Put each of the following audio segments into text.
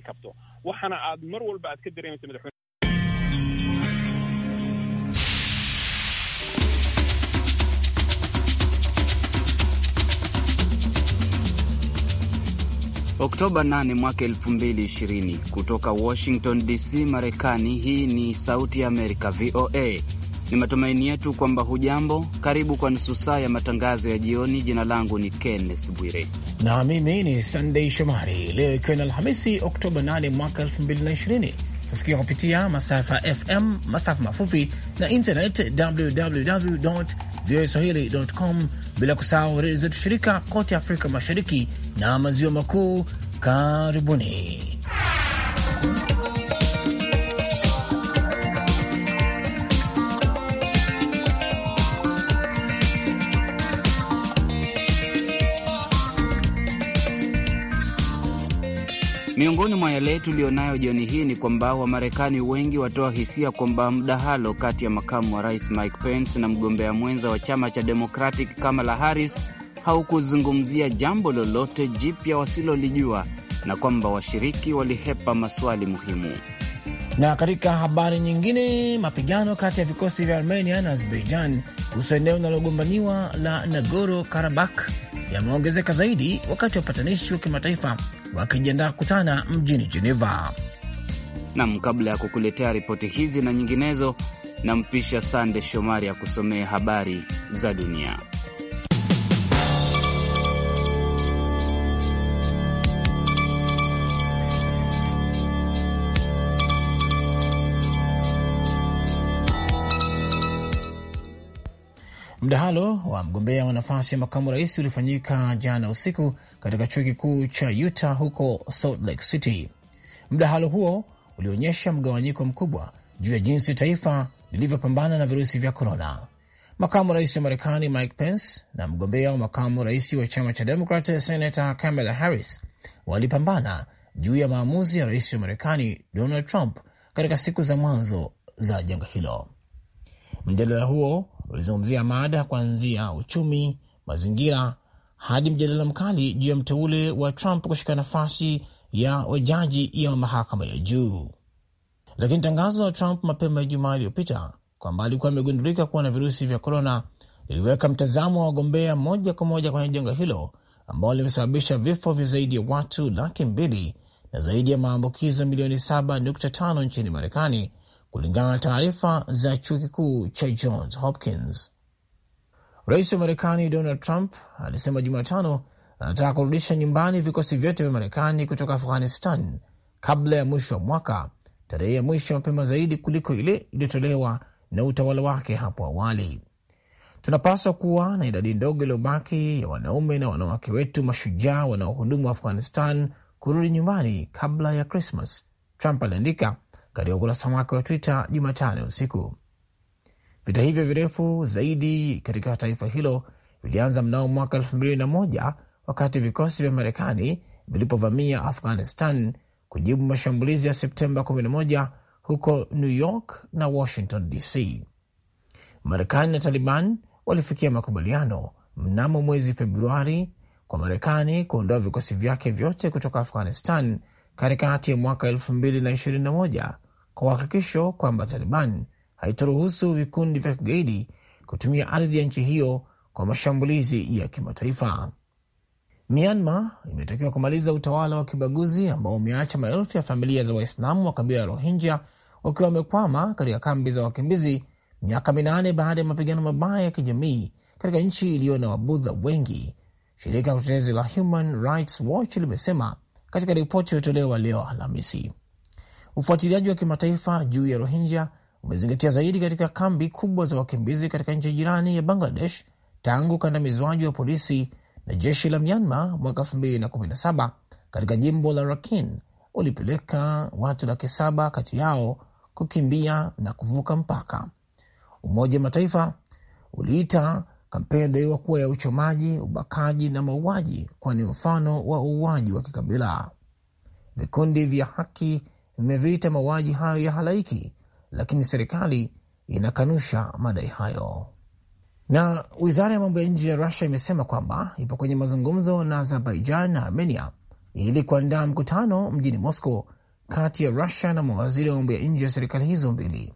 kabto waxaana aad mar walba aad ka dareemaysa madaxweyne Oktoba 8 mwaka 2020 kutoka Washington DC, Marekani. Hii ni Sauti ya Amerika, VOA. Ni matumaini yetu kwamba hujambo. Karibu kwa nusu saa ya matangazo ya jioni. Jina langu ni Kenneth Bwire na mimi ni Sandei Shomari. Leo ikiwa ni Alhamisi, Oktoba 8 mwaka 2020 tusikia kupitia masafa FM, masafa mafupi na internet www voa swahili.com, bila kusahau redio zetu shirika kote Afrika Mashariki na Maziwa Makuu. Karibuni. Miongoni mwa yale tuliyonayo jioni hii ni kwamba Wamarekani wengi watoa hisia kwamba mdahalo kati ya makamu wa rais Mike Pence na mgombea mwenza wa chama cha Democratic Kamala Harris haukuzungumzia jambo lolote jipya wasilolijua na kwamba washiriki walihepa maswali muhimu. Na katika habari nyingine, mapigano kati ya vikosi vya Armenia na Azerbaijan kuhusu eneo linalogombaniwa la nagoro Karabakh yameongezeka zaidi wakati wapatanishi wa kimataifa wakijiandaa kukutana mjini jeneva Nam, kabla ya kukuletea ripoti hizi na nyinginezo, nampisha Sande Shomari ya kusomea habari za dunia. Mdahalo wa mgombea wa nafasi ya makamu rais ulifanyika jana usiku katika chuo kikuu cha Utah huko Salt Lake City. Mdahalo huo ulionyesha mgawanyiko mkubwa juu ya jinsi taifa lilivyopambana na virusi vya korona. Makamu rais wa Marekani Mike Pence na mgombea wa makamu rais wa chama cha Demokrat senata Kamala Harris walipambana juu ya maamuzi ya rais wa Marekani Donald Trump katika siku za mwanzo za janga hilo. Mjadala huo ulizungumzia mada kuanzia uchumi, mazingira hadi mjadala mkali juu ya mteule wa Trump kushika nafasi ya wajaji ya mahakama ya juu. Lakini tangazo la Trump mapema Ijumaa iliyopita kwamba alikuwa amegundulika kuwa na virusi vya korona liliweka mtazamo wa wagombea moja kwa moja kwenye janga hilo ambao limesababisha vifo vya zaidi ya watu laki mbili na zaidi ya maambukizo milioni 7.5 nchini Marekani kulingana na taarifa za chuo kikuu cha Johns Hopkins. Rais wa Marekani Donald Trump alisema Jumatano anataka kurudisha nyumbani vikosi vyote vya Marekani kutoka Afghanistan kabla ya mwisho wa mwaka, tarehe ya mwisho mapema zaidi kuliko ile iliyotolewa na utawala wake hapo awali. Tunapaswa kuwa na idadi ndogo iliyobaki ya wanaume na wanawake wetu mashujaa wanaohudumu Afghanistan kurudi nyumbani kabla ya Krismas, Trump aliandika katika ukurasa wake wa Twitter Jumatano usiku. Vita hivyo virefu zaidi katika taifa hilo vilianza mnamo mwaka elfu mbili na moja wakati vikosi vya Marekani vilipovamia Afghanistan kujibu mashambulizi ya Septemba 11 huko New York na Washington DC. Marekani na Taliban walifikia makubaliano mnamo mwezi Februari kwa Marekani kuondoa vikosi vyake vyote kutoka Afghanistan katikati ya mwaka 2021 kwa uhakikisho kwamba Taliban haitaruhusu vikundi vya kigaidi kutumia ardhi ya nchi hiyo kwa mashambulizi ya kimataifa. Myanmar imetakiwa kumaliza utawala wa kibaguzi ambao umeacha maelfu ya familia za Waislamu wa kabila ya Rohingya wakiwa wamekwama katika kambi za wakimbizi miaka minane baada ya mapigano mabaya ya kijamii katika nchi iliyo na Wabudha wengi. Shirika la utetezi la Human Rights Watch limesema katika ripoti iliyotolewa leo Alhamisi. Ufuatiliaji wa kimataifa juu ya Rohingya umezingatia zaidi katika kambi kubwa za wakimbizi katika nchi jirani ya Bangladesh tangu ukandamizwaji wa polisi na jeshi la Myanmar mwaka 2017 katika jimbo la Rakhine ulipeleka watu laki saba kati yao kukimbia na kuvuka mpaka. Umoja wa Mataifa uliita kampeni daiwa kuwa ya uchomaji, ubakaji na mauaji, kwani mfano wa uuaji wa kikabila. Vikundi vya haki vimeviita mauaji hayo ya halaiki, lakini serikali inakanusha madai hayo. Na wizara ya mambo ya nje ya Rusia imesema kwamba ipo kwenye mazungumzo na Azerbaijan na Armenia ili kuandaa mkutano mjini Moscow kati ya Rusia na mawaziri wa mambo ya nje ya serikali hizo mbili.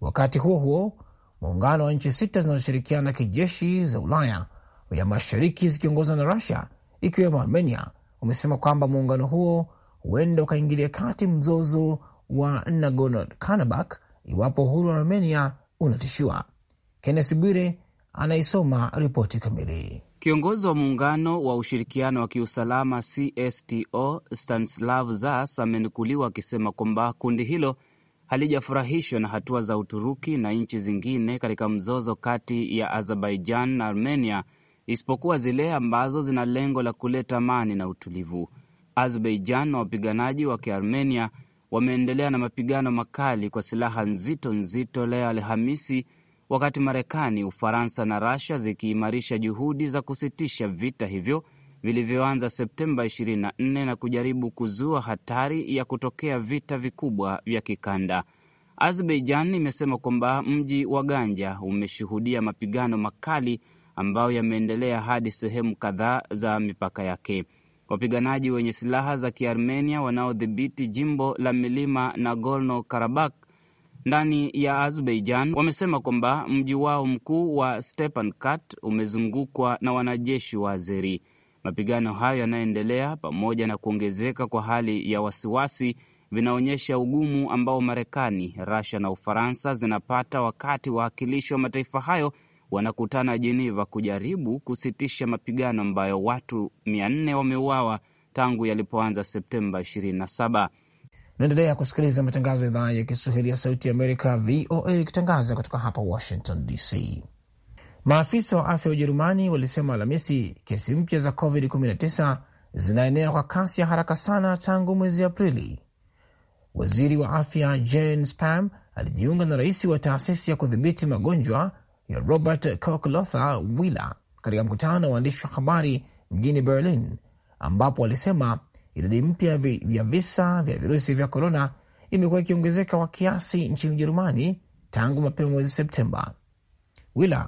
Wakati huo huo, muungano wa nchi sita zinazoshirikiana kijeshi za Ulaya ya mashariki zikiongozwa na Rusia ikiwemo Armenia umesema kwamba muungano huo huenda ukaingilia kati mzozo wa Nagorno Karabakh iwapo uhuru wa Armenia unatishiwa. Kennes Bwire anaisoma ripoti kamili. Kiongozi wa muungano wa ushirikiano wa kiusalama CSTO Stanislav Zas amenukuliwa akisema kwamba kundi hilo halijafurahishwa na hatua za Uturuki na nchi zingine katika mzozo kati ya Azerbaijan na Armenia isipokuwa zile ambazo zina lengo la kuleta amani na utulivu. Azerbaijan na wapiganaji wa Kiarmenia wameendelea na mapigano makali kwa silaha nzito nzito leo Alhamisi, wakati Marekani, Ufaransa na Rasia zikiimarisha juhudi za kusitisha vita hivyo vilivyoanza Septemba 24 na kujaribu kuzua hatari ya kutokea vita vikubwa vya kikanda. Azerbaijan imesema kwamba mji wa Ganja umeshuhudia mapigano makali ambayo yameendelea hadi sehemu kadhaa za mipaka yake. Wapiganaji wenye silaha za Kiarmenia wanaodhibiti jimbo la milima Nagorno Karabakh ndani ya Azerbaijan wamesema kwamba mji wao mkuu wa Stepanakert umezungukwa na wanajeshi wa Azeri. Mapigano hayo yanayoendelea pamoja na kuongezeka kwa hali ya wasiwasi vinaonyesha ugumu ambao Marekani, rasia na Ufaransa zinapata wakati wawakilishi wa mataifa hayo wanakutana Jeneva kujaribu kusitisha mapigano ambayo watu 4 wameuawa tangu yalipoanza Septemba 27. Naendelea kusikiliza matangazo ya idhaa ya Kiswahili ya Sauti ya Amerika, VOA, ikitangaza kutoka hapa Washington DC. Maafisa wa afya wa Ujerumani walisema Alhamisi kesi mpya za COVID-19 zinaenea kwa kasi ya haraka sana tangu mwezi Aprili. Waziri wa afya Jane Spahn alijiunga na rais wa taasisi ya kudhibiti magonjwa ya Robert Koch-Lothar Wieler katika mkutano wa waandishi wa habari mjini Berlin, ambapo walisema idadi mpya ya visa vya virusi vya korona imekuwa ikiongezeka kwa kiasi nchini Ujerumani tangu mapema mwezi Septemba. wille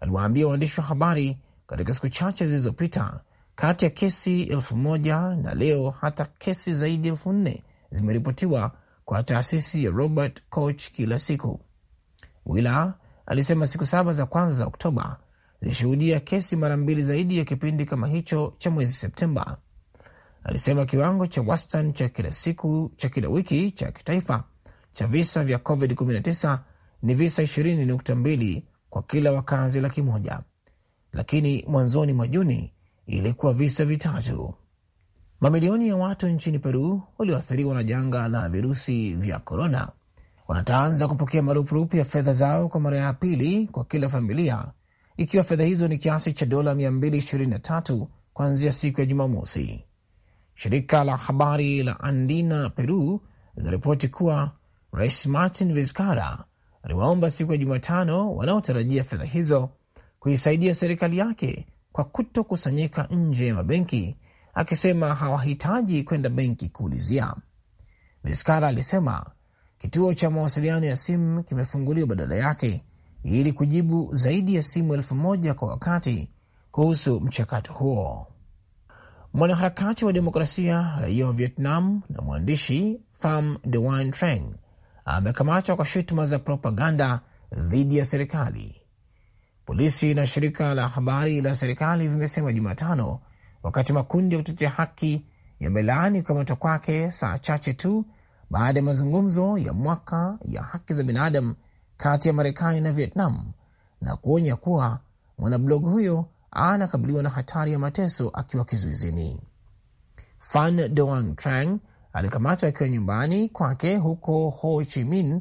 aliwaambia waandishi wa habari katika siku chache zilizopita, kati ya kesi elfu moja na leo hata kesi zaidi ya elfu nne zimeripotiwa kwa taasisi ya Robert Koch kila siku. Wila alisema siku saba za kwanza za Oktoba zilishuhudia kesi mara mbili zaidi ya kipindi kama hicho cha mwezi Septemba. Alisema kiwango cha wastani cha kila siku cha kila wiki cha kitaifa cha visa vya COVID-19 ni visa 20.2 kwa kila wakazi laki moja, lakini mwanzoni mwa Juni ilikuwa visa vitatu. Mamilioni ya watu nchini Peru walioathiriwa na janga la virusi vya korona wataanza kupokea marupurupu ya fedha zao kwa mara ya pili kwa kila familia, ikiwa fedha hizo ni kiasi cha dola 223 kuanzia siku ya Jumamosi. Shirika la habari la Andina Peru linaripoti kuwa Rais Martin Vizcarra aliwaomba siku ya Jumatano wanaotarajia fedha hizo kuisaidia serikali yake kwa kutokusanyika nje ya mabenki, akisema hawahitaji kwenda benki kuulizia. Vizcarra alisema Kituo cha mawasiliano ya simu kimefunguliwa badala yake ili kujibu zaidi ya simu elfu moja kwa wakati kuhusu mchakato huo. Mwanaharakati wa demokrasia, raia wa Vietnam na mwandishi Pham Dewan Treng amekamatwa kwa shutuma za propaganda dhidi ya serikali, polisi na shirika la habari la serikali vimesema Jumatano, wakati makundi ya kutetea haki yamelaani kukamatwa kwake saa chache tu baada ya mazungumzo ya mwaka ya haki za binadamu kati ya Marekani na Vietnam na kuonya kuwa mwanablogu huyo anakabiliwa na hatari ya mateso akiwa kizuizini. Fan Doan Trang alikamatwa akiwa nyumbani kwake huko Ho Chi Minh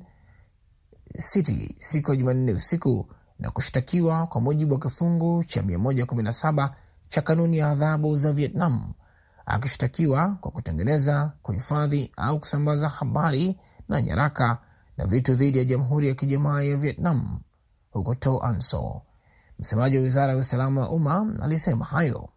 City siku ya Jumanne usiku na kushtakiwa kwa mujibu wa kifungu cha 117 cha kanuni ya adhabu za Vietnam akishtakiwa kwa kutengeneza, kuhifadhi au kusambaza habari na nyaraka na vitu dhidi ya Jamhuri ya Kijamaa ya Vietnam huko To Anso. Msemaji wa wizara ya usalama wa umma alisema hayo.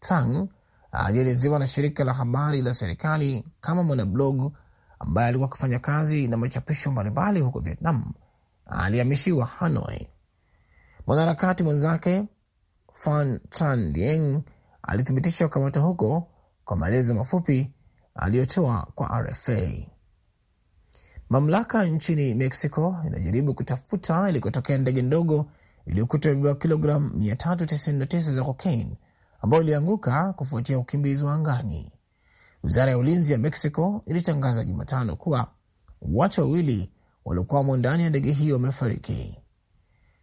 Tang alielezewa na shirika la habari la serikali kama mwanablog ambaye alikuwa akifanya kazi na machapisho mbalimbali huko Vietnam. Alihamishiwa Hanoi. Mwanaharakati mwenzake Phan Tran Dieng alithibitisha kukamatwa huko kwa maelezo mafupi aliyotoa kwa RFA. Mamlaka nchini Mexico inajaribu kutafuta ilikotokea ndege ndogo iliyokutwa imebeba kilogramu 399 za kokaini ambayo ilianguka kufuatia ukimbizi wa angani. Wizara ya ulinzi ya Mexico ilitangaza Jumatano kuwa watu wawili waliokwamo ndani ya ndege hiyo wamefariki.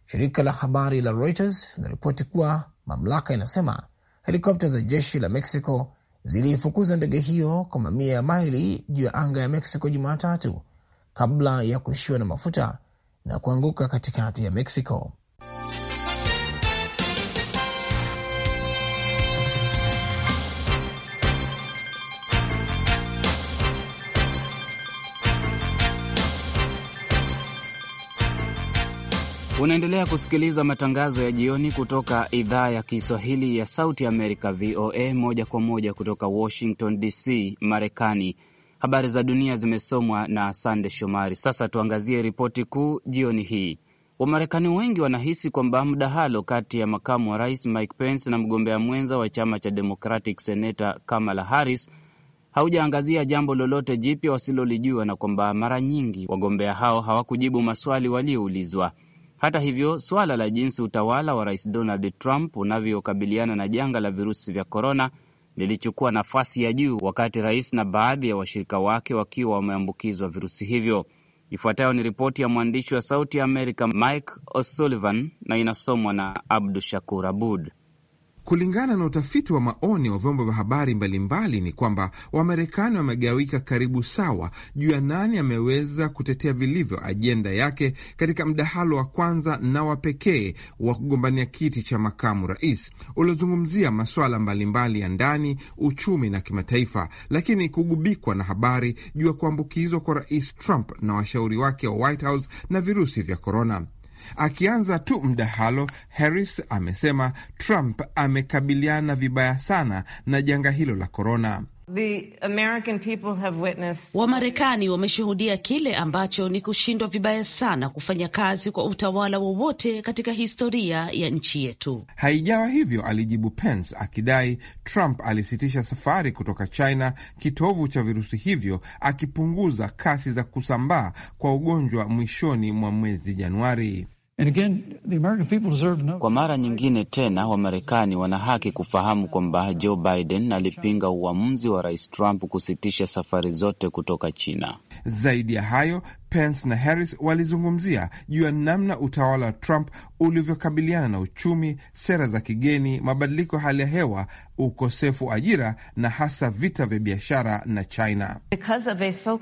Shirika la habari la Reuters linaripoti kuwa mamlaka inasema helikopta za jeshi la Mexico ziliifukuza ndege hiyo kwa mamia ya maili juu ya anga ya Mexico Jumatatu kabla ya kuishiwa na mafuta na kuanguka katikati ya Mexico. Unaendelea kusikiliza matangazo ya jioni kutoka idhaa ya Kiswahili ya Sauti Amerika, VOA, moja kwa moja kutoka Washington DC, Marekani. Habari za dunia zimesomwa na Sande Shomari. Sasa tuangazie ripoti kuu jioni hii. Wamarekani wengi wanahisi kwamba mdahalo kati ya makamu wa rais Mike Pence na mgombea mwenza wa chama cha Democratic seneta Kamala Harris haujaangazia jambo lolote jipya wasilolijua na kwamba mara nyingi wagombea hao hawakujibu maswali walioulizwa. Hata hivyo, suala la jinsi utawala wa Rais Donald Trump unavyokabiliana na janga la virusi vya korona lilichukua nafasi ya juu, wakati rais na baadhi ya washirika wake wakiwa wameambukizwa virusi hivyo. Ifuatayo ni ripoti ya mwandishi wa Sauti ya Amerika Mike O'Sullivan na inasomwa na Abdu Shakur Abud. Kulingana na utafiti wa maoni wa vyombo vya habari mbalimbali ni kwamba Wamarekani wamegawika karibu sawa juu ya nani ameweza kutetea vilivyo ajenda yake katika mdahalo wa kwanza na wa pekee wa kugombania kiti cha makamu rais uliozungumzia masuala mbalimbali ya ndani, uchumi na kimataifa, lakini kugubikwa na habari juu ya kuambukizwa kwa rais Trump na washauri wake wa White House na virusi vya korona. Akianza tu mdahalo, Harris amesema Trump amekabiliana vibaya sana na janga hilo la korona. Wamarekani wameshuhudia kile ambacho ni kushindwa vibaya sana kufanya kazi kwa utawala wowote katika historia ya nchi yetu. Haijawa hivyo, alijibu Pence akidai Trump alisitisha safari kutoka China, kitovu cha virusi hivyo, akipunguza kasi za kusambaa kwa ugonjwa mwishoni mwa mwezi Januari. Kwa mara nyingine tena Wamarekani wana haki kufahamu kwamba Joe Biden alipinga uamuzi wa Rais Trump kusitisha safari zote kutoka China. Zaidi ya hayo, Pence na Harris walizungumzia juu ya namna utawala wa Trump ulivyokabiliana na uchumi, sera za kigeni, mabadiliko ya hali ya hewa, ukosefu wa ajira na hasa vita vya biashara na China. So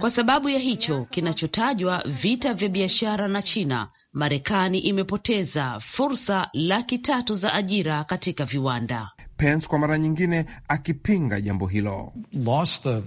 kwa sababu ya hicho kinachotajwa vita vya biashara na China, Marekani imepoteza fursa laki tatu za ajira katika viwanda. Pence kwa mara nyingine akipinga jambo hilo Lost the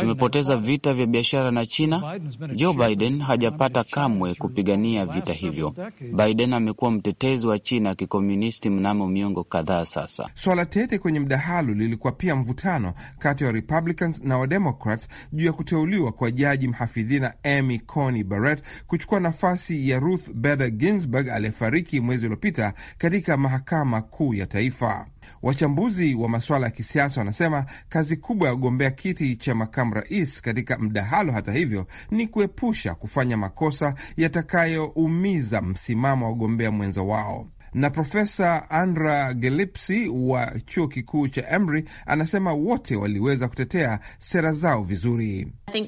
Tumepoteza vita vya biashara na China. Joe Biden hajapata kamwe kupigania vita hivyo. Biden amekuwa mtetezi wa China ya kikomunisti mnamo miongo kadhaa sasa. Swala tete kwenye mdahalo lilikuwa pia mvutano kati ya Republicans na Wademokrat juu ya kuteuliwa kwa jaji mhafidhina Amy Coney Barrett kuchukua nafasi ya Ruth Bader Ginsburg aliyefariki mwezi uliopita katika mahakama kuu ya taifa. Wachambuzi wa masuala ya kisiasa wanasema kazi kubwa ya kugombea kiti cha makamu rais katika mdahalo, hata hivyo, ni kuepusha kufanya makosa yatakayoumiza msimamo wa kugombea mwenza wao na Profesa Andra Gelipsi wa chuo kikuu cha Emory anasema wote waliweza kutetea sera zao vizuri. No,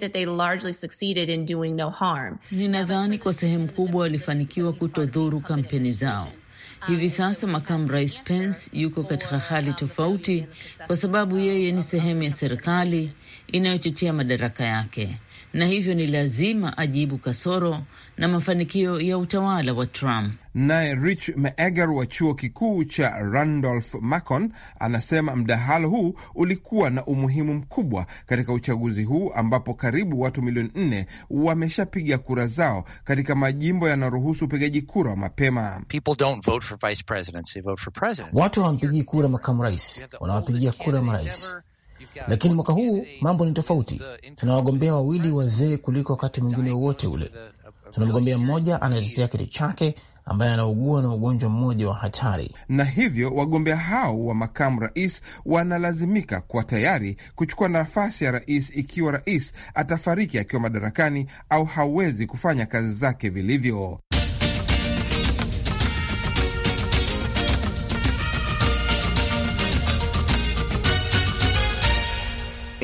ninadhani kwa sehemu kubwa walifanikiwa kutodhuru kampeni zao. Hivi sasa makamu rais Pence yuko katika hali tofauti, kwa sababu yeye ni sehemu ya serikali inayochochea madaraka yake na hivyo ni lazima ajibu kasoro na mafanikio ya utawala wa Trump. Naye Rich Meager wa chuo kikuu cha Randolph Macon anasema mdahalo huu ulikuwa na umuhimu mkubwa katika uchaguzi huu ambapo karibu watu milioni nne wameshapiga kura zao katika majimbo yanayoruhusu upigaji kura wa mapema. Watu hawampigii kura makamu rais, wanawapigia kura marais lakini mwaka huu mambo ni tofauti. Tuna wagombea wawili wazee kuliko wakati mwingine wowote ule. Tuna mgombea mmoja anatetea kiti chake ambaye anaugua na ugonjwa mmoja wa hatari, na hivyo wagombea hao wa makamu rais wanalazimika kuwa tayari kuchukua nafasi ya rais ikiwa rais atafariki akiwa madarakani au hawezi kufanya kazi zake vilivyo.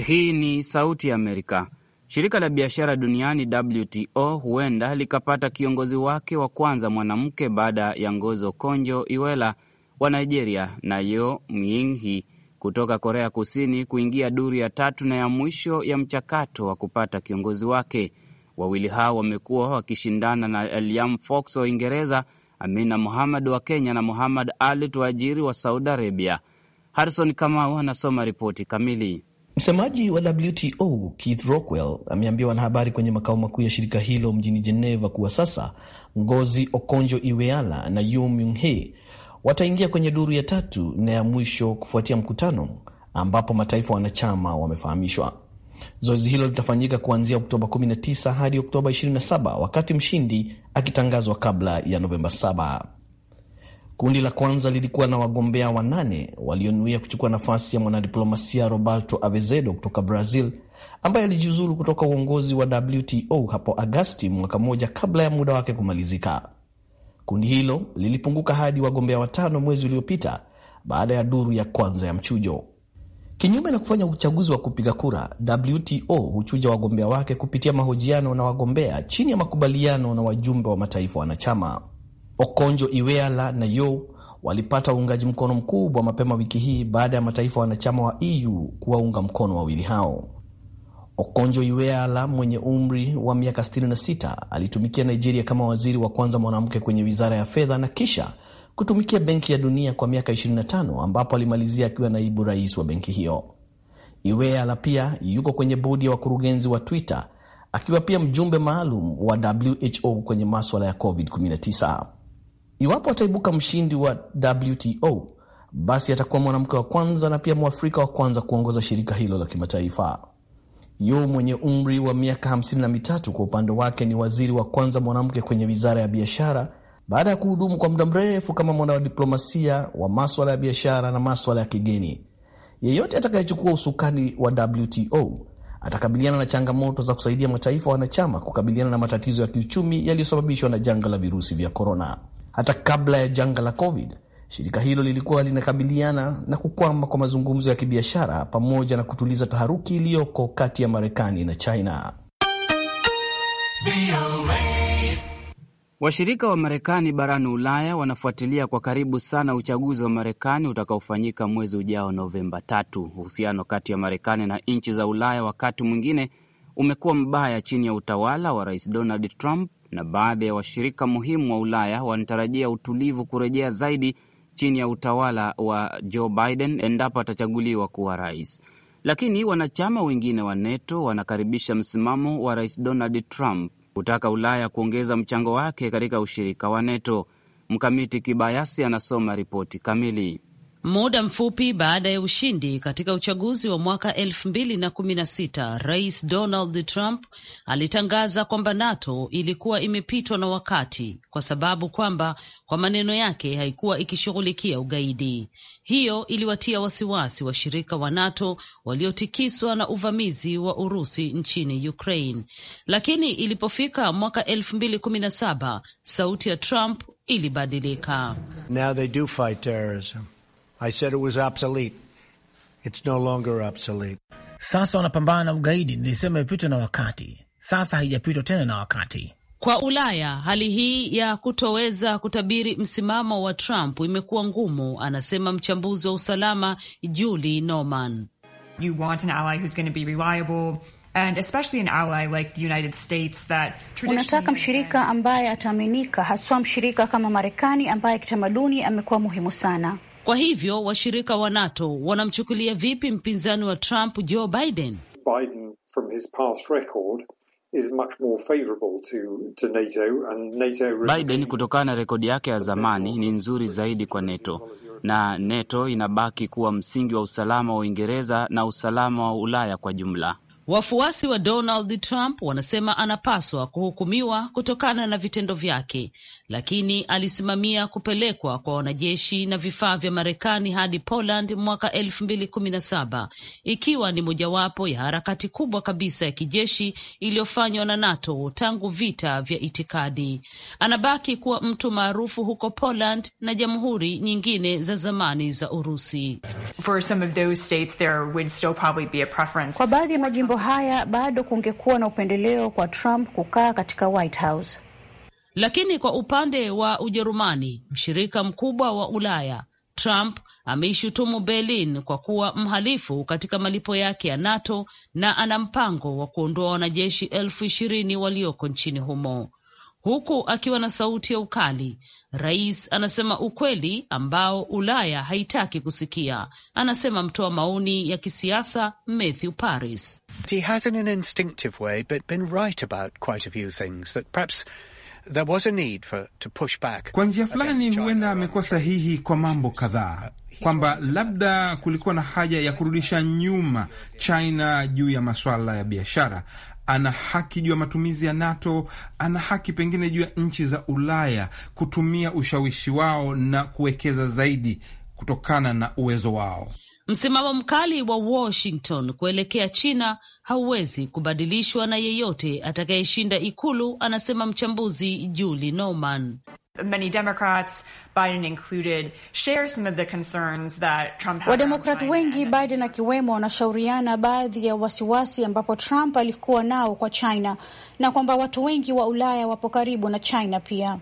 Hii ni Sauti ya Amerika. Shirika la biashara duniani WTO huenda likapata kiongozi wake wa kwanza mwanamke baada ya Ngozo Konjo Iweala wa Nigeria na Yo Myinghi kutoka Korea Kusini kuingia duru ya tatu na ya mwisho ya mchakato wa kupata kiongozi wake. Wawili hao wamekuwa wakishindana na Eliam Fox wa Uingereza, Amina muhamad wa Kenya na Muhammad Ali Tuajiri wa Saudi Arabia. harison Kamau anasoma ripoti kamili. Msemaji wa WTO Keith Rockwell ameambia wanahabari kwenye makao makuu ya shirika hilo mjini Geneva kuwa sasa Ngozi Okonjo-Iweala na Yoon myung wataingia kwenye duru ya tatu na ya mwisho kufuatia mkutano ambapo mataifa wanachama wamefahamishwa. Zoezi hilo litafanyika kuanzia Oktoba 19 hadi Oktoba 27, wakati mshindi akitangazwa kabla ya Novemba 7. Kundi la kwanza lilikuwa na wagombea wanane walionuia kuchukua nafasi ya mwanadiplomasia Roberto avezedo kutoka Brazil ambaye alijiuzulu kutoka uongozi wa WTO hapo Agasti, mwaka mmoja kabla ya muda wake kumalizika. Kundi hilo lilipunguka hadi wagombea watano mwezi uliopita baada ya duru ya kwanza ya mchujo. Kinyume na kufanya uchaguzi wa kupiga kura, WTO huchuja wagombea wake kupitia mahojiano na wagombea chini ya makubaliano na wajumbe wa mataifa wanachama. Okonjo Iweala na Yo walipata uungaji mkono mkubwa mapema wiki hii baada ya mataifa wanachama wa EU kuwaunga mkono wawili hao. Okonjo Iweala mwenye umri wa miaka 66 alitumikia Nigeria kama waziri wa kwanza mwanamke kwenye wizara ya fedha na kisha kutumikia Benki ya Dunia kwa miaka 25 ambapo alimalizia akiwa naibu rais wa benki hiyo. Iweala pia yuko kwenye bodi ya wakurugenzi wa Twitter akiwa pia mjumbe maalum wa WHO kwenye maswala ya COVID-19. Iwapo ataibuka mshindi wa WTO, basi atakuwa mwanamke wa kwanza na pia mwafrika wa kwanza kuongoza shirika hilo la kimataifa. Yu mwenye umri wa miaka 53 kwa upande wake ni waziri wa kwanza mwanamke kwenye wizara ya biashara baada ya kuhudumu kwa muda mrefu kama mwanadiplomasia wa maswala ya biashara na maswala ya kigeni. Yeyote atakayechukua usukani wa WTO atakabiliana na changamoto za kusaidia mataifa wanachama kukabiliana na matatizo ya kiuchumi yaliyosababishwa na janga la virusi vya korona. Hata kabla ya janga la COVID, shirika hilo lilikuwa linakabiliana na kukwama kwa mazungumzo ya kibiashara pamoja na kutuliza taharuki iliyoko kati ya Marekani na China. Washirika wa Marekani barani Ulaya wanafuatilia kwa karibu sana uchaguzi wa Marekani utakaofanyika mwezi ujao Novemba tatu. Uhusiano kati ya Marekani na nchi za Ulaya wakati mwingine umekuwa mbaya chini ya utawala wa Rais Donald Trump na baadhi ya washirika muhimu wa Ulaya wanatarajia utulivu kurejea zaidi chini ya utawala wa Joe Biden endapo atachaguliwa kuwa rais. Lakini wanachama wengine wa NATO wanakaribisha msimamo wa Rais Donald Trump kutaka Ulaya kuongeza mchango wake katika ushirika wa NATO. Mkamiti Kibayasi anasoma ripoti kamili. Muda mfupi baada ya ushindi katika uchaguzi wa mwaka elfu mbili na kumi na sita, Rais Donald Trump alitangaza kwamba NATO ilikuwa imepitwa na wakati kwa sababu kwamba kwa maneno yake haikuwa ikishughulikia ugaidi. Hiyo iliwatia wasiwasi washirika wa NATO waliotikiswa na uvamizi wa Urusi nchini Ukraine. Lakini ilipofika mwaka elfu mbili kumi na saba sauti ya Trump ilibadilika. Now they do fight terrorism. I said it was obsolete. It's no longer obsolete. Sasa wanapambana na ugaidi, nilisema imepitwa na wakati. Sasa haijapitwa tena na wakati. Kwa Ulaya, hali hii ya kutoweza kutabiri msimamo wa Trump imekuwa ngumu, anasema mchambuzi wa usalama Julie Norman. You want an ally who's going to be reliable. And especially an ally like the United States that traditionally... unataka mshirika ambaye ataaminika, haswa mshirika kama Marekani ambaye kitamaduni amekuwa muhimu sana kwa hivyo washirika wa NATO wanamchukulia vipi mpinzani wa Trump Joe Biden? Biden from his past record is much more favorable to, to NATO and NATO... Biden kutokana na rekodi yake ya zamani ni nzuri zaidi kwa NATO na NATO inabaki kuwa msingi wa usalama wa Uingereza na usalama wa Ulaya kwa jumla. Wafuasi wa Donald Trump wanasema anapaswa kuhukumiwa kutokana na vitendo vyake, lakini alisimamia kupelekwa kwa wanajeshi na vifaa vya Marekani hadi Poland mwaka elfu mbili kumi na saba ikiwa ni mojawapo ya harakati kubwa kabisa ya kijeshi iliyofanywa na NATO tangu vita vya itikadi. Anabaki kuwa mtu maarufu huko Poland na jamhuri nyingine za zamani za Urusi. For some of those states, there would still haya bado kungekuwa na upendeleo kwa Trump kukaa katika White House. Lakini kwa upande wa Ujerumani, mshirika mkubwa wa Ulaya, Trump ameishutumu Berlin kwa kuwa mhalifu katika malipo yake ya NATO na ana mpango wa kuondoa wanajeshi elfu ishirini walioko nchini humo, huku akiwa na sauti ya ukali Rais anasema ukweli ambao Ulaya haitaki kusikia, anasema mtoa maoni ya kisiasa Matthew Paris. He has in an instinctive way but been right about quite a few things that perhaps there was a need for to push back. Kwa njia fulani huenda amekuwa sahihi kwa mambo kadhaa uh, kwamba labda kulikuwa na haja ya kurudisha nyuma China juu ya masuala ya biashara ana haki juu ya matumizi ya NATO, ana haki pengine juu ya nchi za Ulaya kutumia ushawishi wao na kuwekeza zaidi kutokana na uwezo wao. Msimamo mkali wa Washington kuelekea China hauwezi kubadilishwa na yeyote atakayeshinda Ikulu, anasema mchambuzi Julie Norman. Wademokrat wengi, Biden akiwemo, wanashauriana baadhi ya wasiwasi ambapo Trump alikuwa nao kwa China na kwamba watu wengi wa Ulaya wapo karibu na China pia.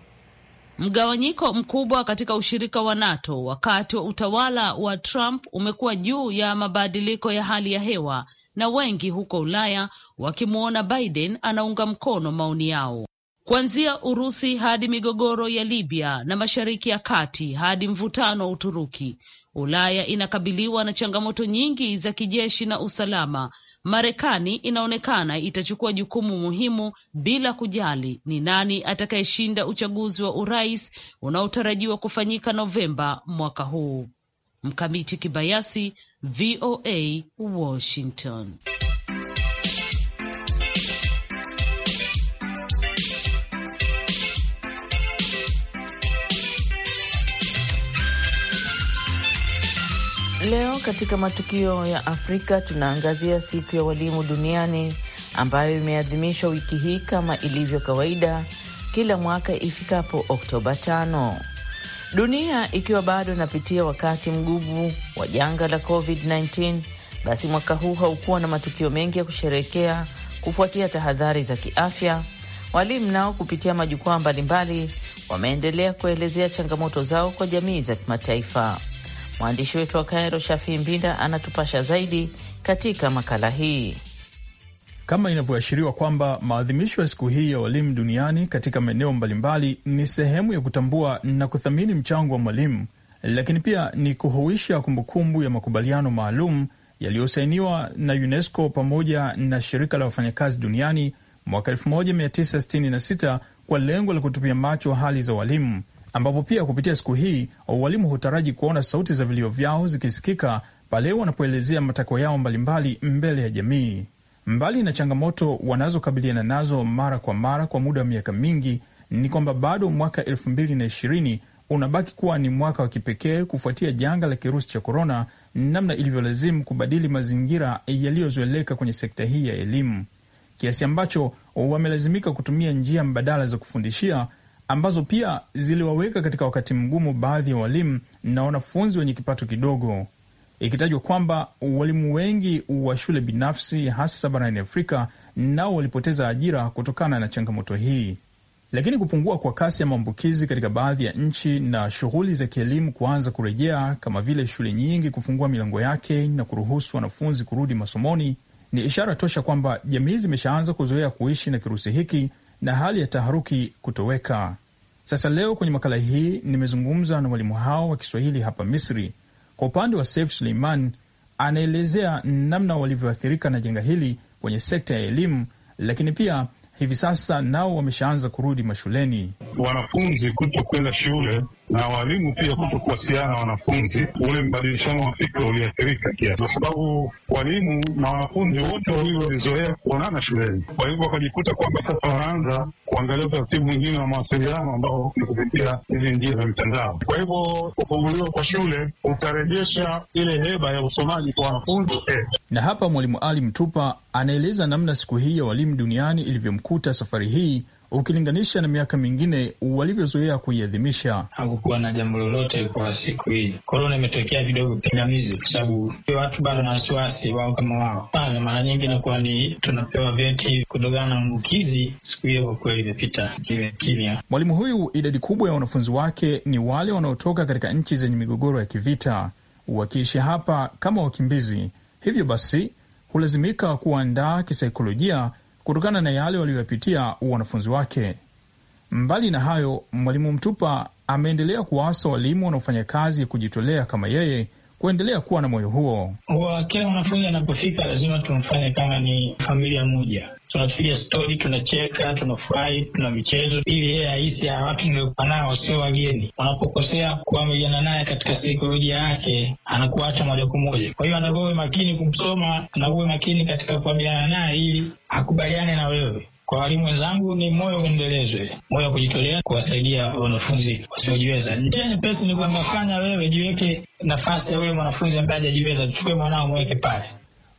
Mgawanyiko mkubwa katika ushirika wa NATO wakati wa utawala wa Trump umekuwa juu ya mabadiliko ya hali ya hewa, na wengi huko Ulaya wakimwona Biden anaunga mkono maoni yao, kuanzia Urusi hadi migogoro ya Libya na Mashariki ya Kati hadi mvutano wa Uturuki. Ulaya inakabiliwa na changamoto nyingi za kijeshi na usalama Marekani inaonekana itachukua jukumu muhimu bila kujali ni nani atakayeshinda uchaguzi wa urais unaotarajiwa kufanyika Novemba mwaka huu. Mkamiti Kibayasi, VOA, Washington. Leo katika matukio ya Afrika tunaangazia siku ya walimu duniani ambayo imeadhimishwa wiki hii kama ilivyo kawaida kila mwaka ifikapo Oktoba tano. Dunia ikiwa bado inapitia wakati mgumu wa janga la COVID-19, basi mwaka huu haukuwa na matukio mengi ya kusherekea kufuatia tahadhari za kiafya. Walimu nao kupitia majukwaa mbalimbali wameendelea kuelezea changamoto zao kwa jamii za kimataifa. Mwandishi wetu wa Kairo, Shafii Mbinda, anatupasha zaidi katika makala hii. Kama inavyoashiriwa kwamba maadhimisho ya siku hii ya walimu duniani katika maeneo mbalimbali ni sehemu ya kutambua na kuthamini mchango wa mwalimu, lakini pia ni kuhuisha kumbukumbu ya makubaliano maalum yaliyosainiwa na UNESCO pamoja na shirika la wafanyakazi duniani mwaka 1966 kwa lengo la kutupia macho hali za walimu ambapo pia kupitia siku hii walimu hutaraji kuona sauti za vilio vyao zikisikika pale wanapoelezea matakwa yao mbalimbali mbele ya jamii. Mbali na changamoto wanazokabiliana nazo mara kwa mara kwa muda wa miaka mingi, ni kwamba bado mwaka elfu mbili na ishirini unabaki kuwa ni mwaka wa kipekee kufuatia janga la kirusi cha korona, namna ilivyolazimu kubadili mazingira yaliyozoeleka kwenye sekta hii ya elimu, kiasi ambacho wamelazimika kutumia njia mbadala za kufundishia ambazo pia ziliwaweka katika wakati mgumu baadhi ya walimu na wanafunzi wenye kipato kidogo, ikitajwa kwamba walimu wengi wa shule binafsi hasa barani Afrika nao walipoteza ajira kutokana na changamoto hii. Lakini kupungua kwa kasi ya maambukizi katika baadhi ya nchi na shughuli za kielimu kuanza kurejea, kama vile shule nyingi kufungua milango yake na kuruhusu wanafunzi kurudi masomoni, ni ishara tosha kwamba jamii zimeshaanza kuzoea kuishi na kirusi hiki na hali ya taharuki kutoweka. Sasa leo kwenye makala hii nimezungumza na walimu hao wa Kiswahili hapa Misri. Kwa upande wa Saif Suleiman, anaelezea namna walivyoathirika na janga hili kwenye sekta ya elimu, lakini pia hivi sasa nao wameshaanza kurudi mashuleni. Wanafunzi kuto kwenda shule na walimu pia kuto kuwasiliana na wanafunzi, ule mbadilishano wa fikra uliathirika kiasi, kwa sababu walimu na wanafunzi wote wawili walizoea kuonana shuleni. Kwa hivyo wakajikuta kwamba sasa wanaanza kuangalia utaratibu mwingine wa mawasiliano ambao ni kupitia hizi njia za mitandao. Kwa hivyo kufunguliwa kwa shule utarejesha ile heba ya usomaji kwa wanafunzi. Na hapa Mwalimu Ali Mtupa anaeleza namna siku hii ya walimu duniani ilivyomkuta safari hii ukilinganisha na miaka mingine walivyozoea kuiadhimisha. Hakukuwa na jambo lolote kwa siku hii. Korona imetokea kidogo pingamizi, kwa sababu watu bado na wasiwasi wao kama wao pana. Mara nyingi inakuwa ni tunapewa vyeti kutokana na maambukizi. Siku hiyo kwa kweli imepita kile kimya. Mwalimu huyu, idadi kubwa ya wanafunzi wake ni wale wanaotoka katika nchi zenye migogoro ya kivita, wakiishi hapa kama wakimbizi. Hivyo basi hulazimika kuandaa kisaikolojia kutokana na yale waliyoyapitia wanafunzi wake. Mbali na hayo, Mwalimu Mtupa ameendelea kuwaasa walimu wanaofanya kazi ya kujitolea kama yeye kuendelea kuwa na moyo huo. wa kila mwanafunzi anapofika, lazima tumfanye kama ni familia moja. Tunapiga stori, tunacheka, tunafurahi, tuna michezo, ili yeye ahisi ya watu niliokuwa nao sio wageni. Wanapokosea kuamiliana naye katika saikolojia yake, anakuacha moja kwa moja. Kwa hiyo anakuwa makini kumsoma, anakuwa makini katika kuamiliana naye, ili akubaliane na wewe. Kwa walimu wenzangu ni moyo uendelezwe, moyo wa kujitolea kuwasaidia wanafunzi wasiojiweza. Njia nyepesi ni kwamba fanya wewe, jiweke nafasi ya yule mwanafunzi ambaye hajajiweza, chukue mwanao mweke pale.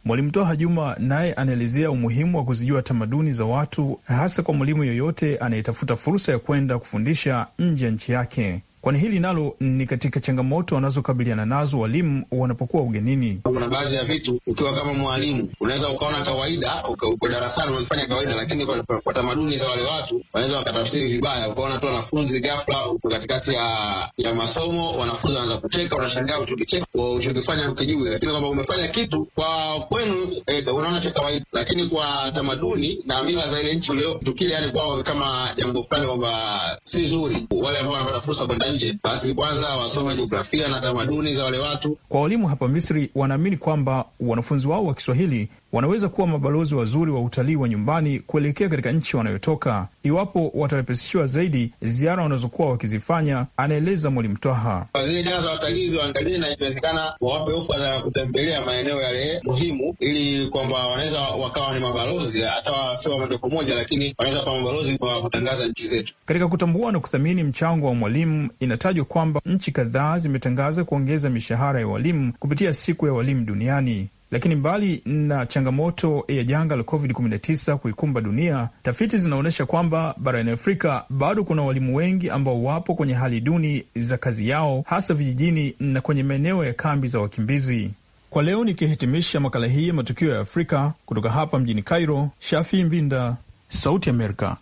Mwalimu Toha Juma naye anaelezea umuhimu wa kuzijua tamaduni za watu, hasa kwa mwalimu yoyote anayetafuta fursa ya kwenda kufundisha nje ya nchi yake kwani hili nalo ni katika changamoto wanazokabiliana nazo walimu wanapokuwa ugenini. Kuna baadhi ya vitu ukiwa kama mwalimu unaweza ukaona kawaida, uko darasani unafanya kawaida, lakini kwa tamaduni za wale watu wanaweza wakatafsiri vibaya, ukaona tu wanafunzi ghafla, uko katikati ya, ya masomo, wanafunzi wanaanza kucheka, unashangaa uchokicheka uchokifanya ukijue, lakini kwamba umefanya kitu kwa kwenu eh, unaona cha kawaida, lakini kwa tamaduni na mila za ile nchi, tukile yani kwao kama jambo fulani kwamba si zuri, wale ambao wanapata fursa kwenda nje, basi kwanza wasome jiografia na tamaduni za wale watu. Kwa walimu hapa Misri wanaamini kwamba wanafunzi wao wa Kiswahili wanaweza kuwa mabalozi wazuri wa utalii wa nyumbani kuelekea katika nchi wanayotoka iwapo watarepesishiwa zaidi ziara wanazokuwa wakizifanya, anaeleza Mwalimu Twaha. Zile jana za watalii ziwaangalie na ikiwezekana wawape ofa za kutembelea maeneo yale muhimu, ili kwamba wanaweza wakawa ni mabalozi, hata wasio mondoko moja, lakini wanaweza kuwa mabalozi kwa kutangaza nchi zetu. Katika kutambua na kuthamini mchango wa mwalimu, inatajwa kwamba nchi kadhaa zimetangaza kuongeza mishahara ya walimu kupitia siku ya walimu duniani. Lakini mbali na changamoto ya janga la COVID-19 kuikumba dunia, tafiti zinaonyesha kwamba barani Afrika bado kuna walimu wengi ambao wapo kwenye hali duni za kazi yao, hasa vijijini na kwenye maeneo ya kambi za wakimbizi. Kwa leo nikihitimisha makala hii ya matukio ya Afrika kutoka hapa mjini Cairo, Shafi Mbinda, Sauti Amerika.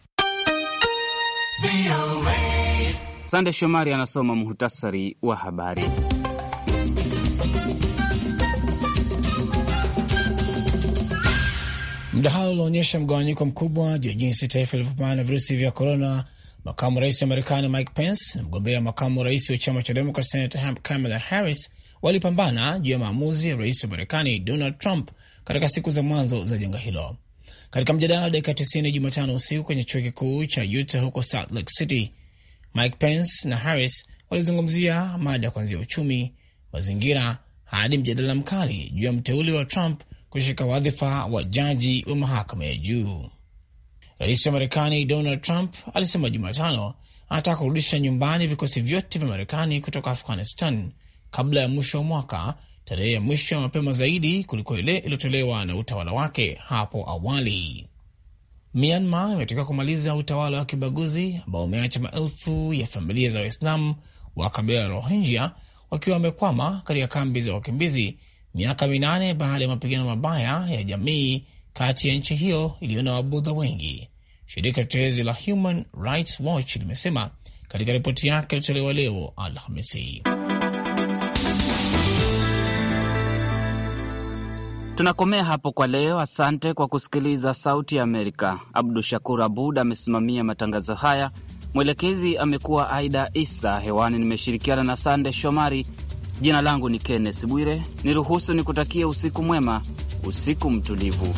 Sande Shomari anasoma muhtasari wa habari. Mdahalo unaonyesha mgawanyiko mkubwa juu ya jinsi taifa lilivyopambana na virusi vya korona. Makamu rais wa Marekani Mike Pence na mgombea makamu rais wa chama cha Demokrat Senata Kamala Harris walipambana juu ya maamuzi ya rais wa Marekani Donald Trump katika siku za mwanzo za janga hilo. Katika mjadala wa dakika 90 Jumatano usiku kwenye chuo kikuu cha Utah huko Salt Lake City, Mike Pence na Harris walizungumzia mada kuanzia uchumi, mazingira hadi mjadala mkali juu ya mteuli wa Trump kushika wadhifa wa jaji wa mahakama ya juu. Rais wa Marekani Donald Trump alisema Jumatano anataka kurudisha nyumbani vikosi vyote vya Marekani kutoka Afghanistan kabla ya mwisho wa mwaka, tarehe ya mwisho ya mapema zaidi kuliko ile iliyotolewa na utawala wake hapo awali. Myanmar imetoka kumaliza utawala wa kibaguzi ambao umeacha maelfu ya familia za Waislamu wa kabila la Rohingya wakiwa wamekwama katika kambi za wakimbizi miaka minane baada ya mapigano mabaya ya jamii kati ya nchi hiyo iliyo na wabudha wengi. Shirika tetezi la Human Rights Watch limesema katika ripoti yake iliyotolewa leo Alhamisi. Tunakomea hapo kwa leo. Asante kwa kusikiliza Sauti ya Amerika. Abdu Shakur Abud amesimamia matangazo haya, mwelekezi amekuwa Aida isa Hewani nimeshirikiana na Sande Shomari. Jina langu ni Kenneth Bwire, niruhusu nikutakie usiku mwema, usiku mtulivu.